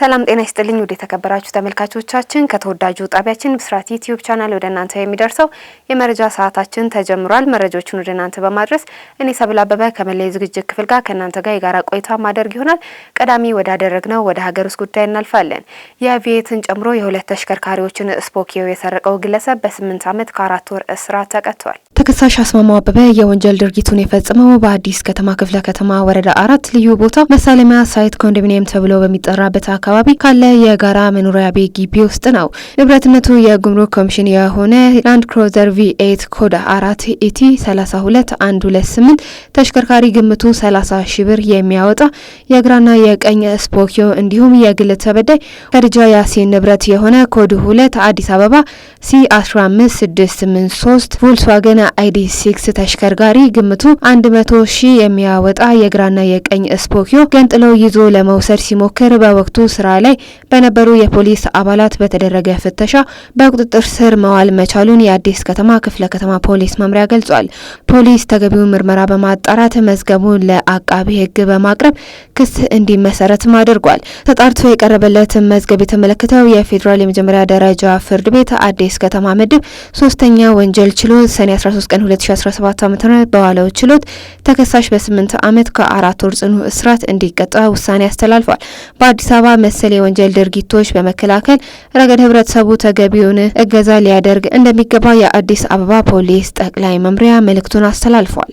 ሰላም ጤና ይስጥልኝ። ወደ የተከበራችሁ ተመልካቾቻችን ከተወዳጁ ጣቢያችን ብስራት ዩቲዩብ ቻናል ወደ እናንተ የሚደርሰው የመረጃ ሰዓታችን ተጀምሯል። መረጃዎችን ወደ እናንተ በማድረስ እኔ ሰብል አበበ ከመለዩ ዝግጅት ክፍል ጋር ከእናንተ ጋር የጋራ ቆይታ ማደርግ ይሆናል። ቀዳሚ ወዳደረግነው ወደ ሀገር ውስጥ ጉዳይ እናልፋለን። የቪየትን ጨምሮ የሁለት ተሽከርካሪዎችን ስፖኪዮ የሰረቀው ግለሰብ በስምንት ዓመት ከአራት ወር እስራት ተቀጥቷል። ተከሳሽ አስማማው አበበ የወንጀል ድርጊቱን የፈጸመው በአዲስ ከተማ ክፍለ ከተማ ወረዳ አራት ልዩ ቦታ መሳለሚያ ሳይት ኮንዶሚኒየም ተብሎ በሚጠራበት አካባቢ አካባቢ ካለ የጋራ መኖሪያ ቤት ግቢ ውስጥ ነው። ንብረትነቱ የጉምሩክ ኮሚሽን የሆነ ላንድ ክሮዘር ቪኤት ኮዳ አራት ኢቲ 32128 ተሽከርካሪ ግምቱ 30 ሺ ብር የሚያወጣ የግራና የቀኝ ስፖኪዮ እንዲሁም የግል ተበዳይ ከድጃ ያሲን ንብረት የሆነ ኮድ ሁለት አዲስ አበባ ሲ 15683 ቮልስዋገን አይዲ ሲክስ ተሽከርካሪ ግምቱ 100 ሺ የሚያወጣ የግራና የቀኝ ስፖኪዮ ገንጥለው ይዞ ለመውሰድ ሲሞክር በወቅቱ ስራ ላይ በነበሩ የፖሊስ አባላት በተደረገ ፍተሻ በቁጥጥር ስር መዋል መቻሉን የአዲስ ከተማ ክፍለ ከተማ ፖሊስ መምሪያ ገልጿል። ፖሊስ ተገቢውን ምርመራ በማጣራት መዝገቡን ለአቃቢ ሕግ በማቅረብ ክስ እንዲመሰረትም አድርጓል። ተጣርቶ የቀረበለትን መዝገብ የተመለከተው የፌዴራል የመጀመሪያ ደረጃ ፍርድ ቤት አዲስ ከተማ ምድብ ሶስተኛ ወንጀል ችሎት ሰኔ 13 ቀን 2017 ም በዋለው ችሎት ተከሳሽ በስምንት ዓመት ከአራት ወር ጽኑ እስራት እንዲቀጣ ውሳኔ አስተላልፏል። በአዲስ አበባ መሰል የወንጀል ድርጊቶች በመከላከል ረገድ ህብረተሰቡ ተገቢውን እገዛ ሊያደርግ እንደሚገባ የአዲስ አበባ ፖሊስ ጠቅላይ መምሪያ መልእክቱን አስተላልፏል።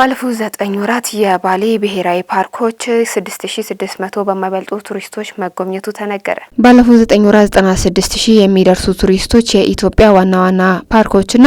ባለፉት ዘጠኝ ወራት የባሌ ብሔራዊ ፓርኮች 6600 በማይበልጡ ቱሪስቶች መጎብኘቱ ተነገረ። ባለፉት ዘጠኝ ወራት 96 ሺህ የሚደርሱ ቱሪስቶች የኢትዮጵያ ዋና ዋና ፓርኮችና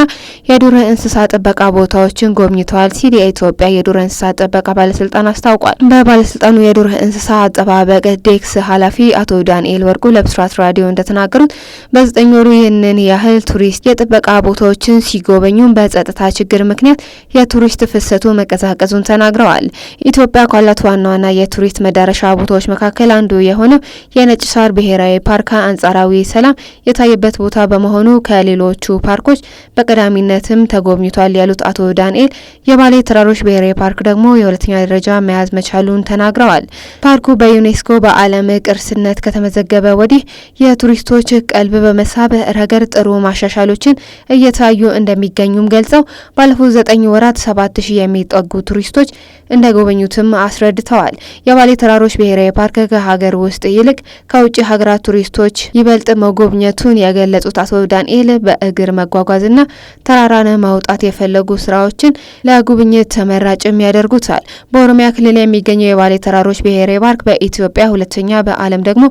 የዱር እንስሳ ጥበቃ ቦታዎችን ጎብኝተዋል ሲል የኢትዮጵያ የዱር እንስሳ ጥበቃ ባለስልጣን አስታውቋል። በባለስልጣኑ የዱር እንስሳ አጠባበቅ ዴክስ ኃላፊ አቶ ዳንኤል ወርቁ ለብስራት ራዲዮ እንደተናገሩት በዘጠኝ ወሩ ይህንን ያህል ቱሪስት የጥበቃ ቦታዎችን ሲጎበኙ በጸጥታ ችግር ምክንያት የቱሪስት ፍሰቱ መቀሳቀሱን ተናግረዋል። ኢትዮጵያ ካላት ዋና ዋና የቱሪስት መዳረሻ ቦታዎች መካከል አንዱ የሆነው የነጭ ሳር ብሔራዊ ፓርክ አንጻራዊ ሰላም የታየበት ቦታ በመሆኑ ከሌሎቹ ፓርኮች በቀዳሚነትም ተጎብኝቷል ያሉት አቶ ዳንኤል የባሌ ተራሮች ብሔራዊ ፓርክ ደግሞ የሁለተኛ ደረጃ መያዝ መቻሉን ተናግረዋል። ፓርኩ በዩኔስኮ በዓለም ቅርስነት ከተመዘገበ ወዲህ የቱሪስቶች ቀልብ በመሳብ ረገድ ጥሩ ማሻሻሎችን እየታዩ እንደሚገኙም ገልጸው ባለፉት ዘጠኝ ወራት ሰባት ሺህ የሚ የሚጠጉ ቱሪስቶች እንደጎበኙትም አስረድተዋል። የባሌ ተራሮች ብሔራዊ ፓርክ ከሀገር ውስጥ ይልቅ ከውጭ ሀገራት ቱሪስቶች ይበልጥ መጎብኘቱን የገለጹት አቶ ዳንኤል በእግር መጓጓዝና ተራራን ማውጣት የፈለጉ ስራዎችን ለጉብኝት ተመራጭም ያደርጉታል። በኦሮሚያ ክልል የሚገኘው የባሌ ተራሮች ብሔራዊ ፓርክ በኢትዮጵያ ሁለተኛ በዓለም ደግሞ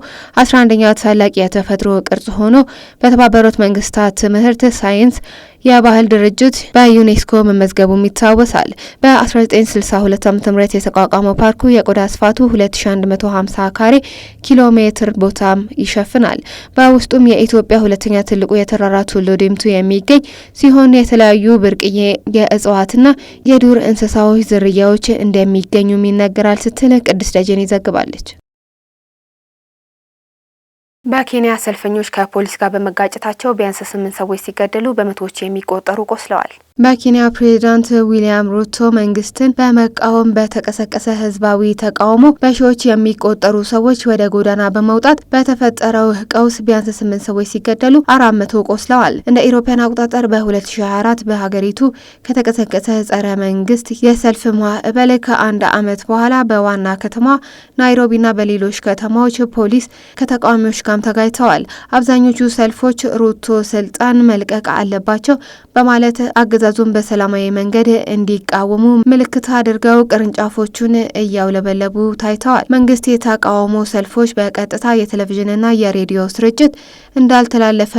አስራ አንደኛ ታላቅ የተፈጥሮ ቅርጽ ሆኖ በተባበሩት መንግስታት ትምህርት ሳይንስ የባህል ድርጅት በዩኔስኮ መመዝገቡም ይታወሳል። በ1962 ዓ ም የተቋቋመው ፓርኩ የቆዳ ስፋቱ 2150 ካሬ ኪሎ ሜትር ቦታም ይሸፍናል። በውስጡም የኢትዮጵያ ሁለተኛ ትልቁ የተራራ ቱሉ ዲምቱ የሚገኝ ሲሆን የተለያዩ ብርቅዬ የእጽዋትና የዱር እንስሳዎች ዝርያዎች እንደሚገኙም ይነገራል ስትል ቅድስት ደጀን ይዘግባለች። በኬንያ ሰልፈኞች ከፖሊስ ጋር በመጋጨታቸው ቢያንስ ስምንት ሰዎች ሲገደሉ በመቶዎች የሚቆጠሩ ቆስለዋል። በኬንያ ፕሬዚዳንት ዊልያም ሩቶ መንግስትን በመቃወም በተቀሰቀሰ ህዝባዊ ተቃውሞ በሺዎች የሚቆጠሩ ሰዎች ወደ ጎዳና በመውጣት በተፈጠረው ቀውስ ቢያንስ ስምንት ሰዎች ሲገደሉ አራት መቶ ቆስለዋል። እንደ ኢሮፓያን አቆጣጠር በ2024 በሀገሪቱ ከተቀሰቀሰ ጸረ መንግስት የሰልፍ ማዕበል ከአንድ ዓመት በኋላ በዋና ከተማ ናይሮቢና በሌሎች ከተማዎች ፖሊስ ከተቃዋሚዎች ጋር ተጋጭተዋል። አብዛኞቹ ሰልፎች ሩቶ ስልጣን መልቀቅ አለባቸው በማለት አግዘ አገዛዙን በሰላማዊ መንገድ እንዲቃወሙ ምልክት አድርገው ቅርንጫፎቹን እያውለበለቡ ታይተዋል። መንግስት የተቃውሞ ሰልፎች በቀጥታ የቴሌቪዥንና የሬዲዮ ስርጭት እንዳልተላለፈ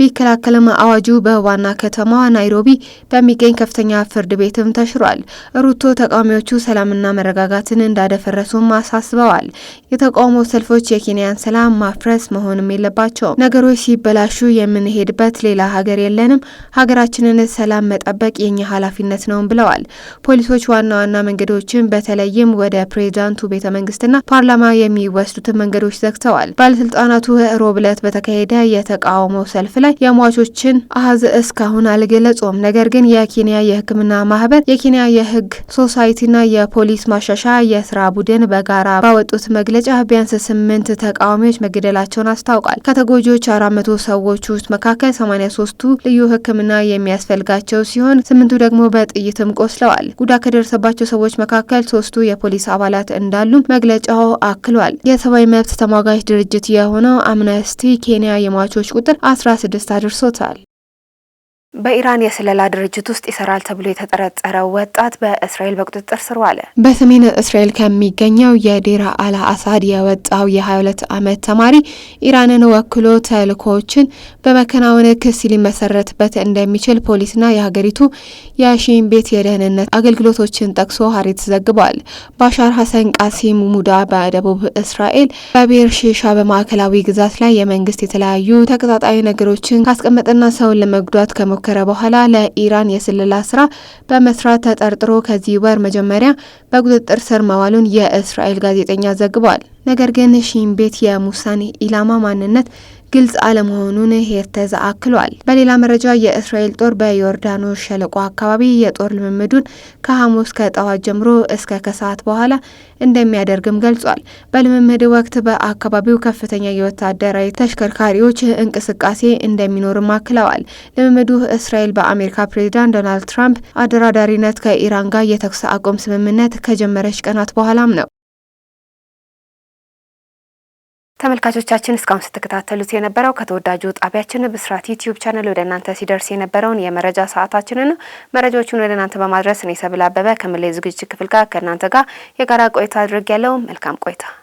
ቢከላከልም አዋጁ በዋና ከተማዋ ናይሮቢ በሚገኝ ከፍተኛ ፍርድ ቤትም ተሽሯል። ሩቶ ተቃዋሚዎቹ ሰላምና መረጋጋትን እንዳደፈረሱም አሳስበዋል። የተቃውሞ ሰልፎች የኬንያን ሰላም ማፍረስ መሆንም የለባቸውም። ነገሮች ሲበላሹ የምንሄድበት ሌላ ሀገር የለንም። ሀገራችንን ሰላም መጣ ማስጠበቅ የኛ ኃላፊነት ነውም ብለዋል። ፖሊሶች ዋና ዋና መንገዶችን በተለይም ወደ ፕሬዚዳንቱ ቤተ መንግስትና ፓርላማ የሚወስዱትን መንገዶች ዘግተዋል። ባለስልጣናቱ ሮብ ዕለት በተካሄደ የተቃውሞ ሰልፍ ላይ የሟቾችን አሀዝ እስካሁን አልገለጹም። ነገር ግን የኬንያ የሕክምና ማህበር፣ የኬንያ የህግ ሶሳይቲና የፖሊስ ማሻሻ የስራ ቡድን በጋራ ባወጡት መግለጫ ቢያንስ ስምንት ተቃዋሚዎች መገደላቸውን አስታውቋል። ከተጎጂዎች አራት መቶ ሰዎች ውስጥ መካከል ሰማኒያ ሶስቱ ልዩ ሕክምና የሚያስፈልጋቸው ሲሆን ሲሆን ስምንቱ ደግሞ በጥይትም ቆስለዋል። ጉዳት ከደረሰባቸው ሰዎች መካከል ሶስቱ የፖሊስ አባላት እንዳሉ መግለጫው አክሏል። የሰብአዊ መብት ተሟጋች ድርጅት የሆነው አምነስቲ ኬንያ የሟቾች ቁጥር አስራ ስድስት አድርሶታል። በኢራን የስለላ ድርጅት ውስጥ ይሰራል ተብሎ የተጠረጠረ ወጣት በእስራኤል በቁጥጥር ስር ዋለ። በሰሜን እስራኤል ከሚገኘው የዴራ አል አሳድ የወጣው የ22 ዓመት ተማሪ ኢራንን ወክሎ ተልእኮዎችን በመከናወን ክስ ሊመሰረትበት እንደሚችል ፖሊስና የሀገሪቱ የሺን ቤት የደህንነት አገልግሎቶችን ጠቅሶ ሀሬት ዘግቧል። ባሻር ሀሰን ቃሲም ሙዳ በደቡብ እስራኤል በቤር ሼሻ በማዕከላዊ ግዛት ላይ የመንግስት የተለያዩ ተቀጣጣይ ነገሮችን ካስቀመጠና ሰውን ለመጉዳት ከመ ከሞከረ በኋላ ለኢራን የስለላ ስራ በመስራት ተጠርጥሮ ከዚህ ወር መጀመሪያ በቁጥጥር ስር መዋሉን የእስራኤል ጋዜጠኛ ዘግቧል። ነገር ግን ሺን ቤት የሙሳን ኢላማ ማንነት ግልጽ አለመሆኑን ሄርተዝ አክሏል። በሌላ መረጃ የእስራኤል ጦር በዮርዳኖስ ሸለቆ አካባቢ የጦር ልምምዱን ከሐሙስ ከጠዋት ጀምሮ እስከ ከሰዓት በኋላ እንደሚያደርግም ገልጿል። በልምምድ ወቅት በአካባቢው ከፍተኛ የወታደራዊ ተሽከርካሪዎች እንቅስቃሴ እንደሚኖርም አክለዋል። ልምምዱ እስራኤል በአሜሪካ ፕሬዚዳንት ዶናልድ ትራምፕ አደራዳሪነት ከኢራን ጋር የተኩስ አቁም ስምምነት ከጀመረች ቀናት በኋላም ነው። ተመልካቾቻችን እስካሁን ስትከታተሉት የነበረው ከተወዳጁ ጣቢያችን ብስራት ዩቲዩብ ቻናል ወደ እናንተ ሲደርስ የነበረውን የመረጃ ሰዓታችንን ነው። መረጃዎቹን ወደ እናንተ በማድረስ እኔ ሰብል አበበ ከምላይ ክፍል ጋር ከእናንተ ጋር የጋራ ቆይታ አድርግ ያለው መልካም ቆይታ